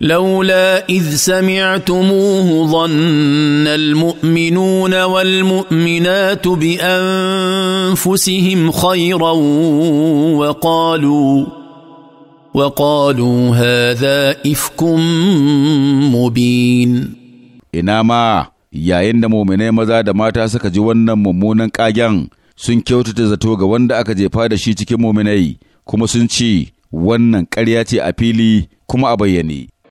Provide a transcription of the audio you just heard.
لولا اذ سمعتموه ظن المؤمنون والمؤمنات بانفسهم خيرا وقالوا وقالوا هذا افك مبين ina ma yayin da muminai maza da mata suka ji wannan mummunan kagen sun kyautata zato ga wanda aka jefa da shi cikin muminai kuma sun ce wannan ƙarya ce a fili kuma a bayyane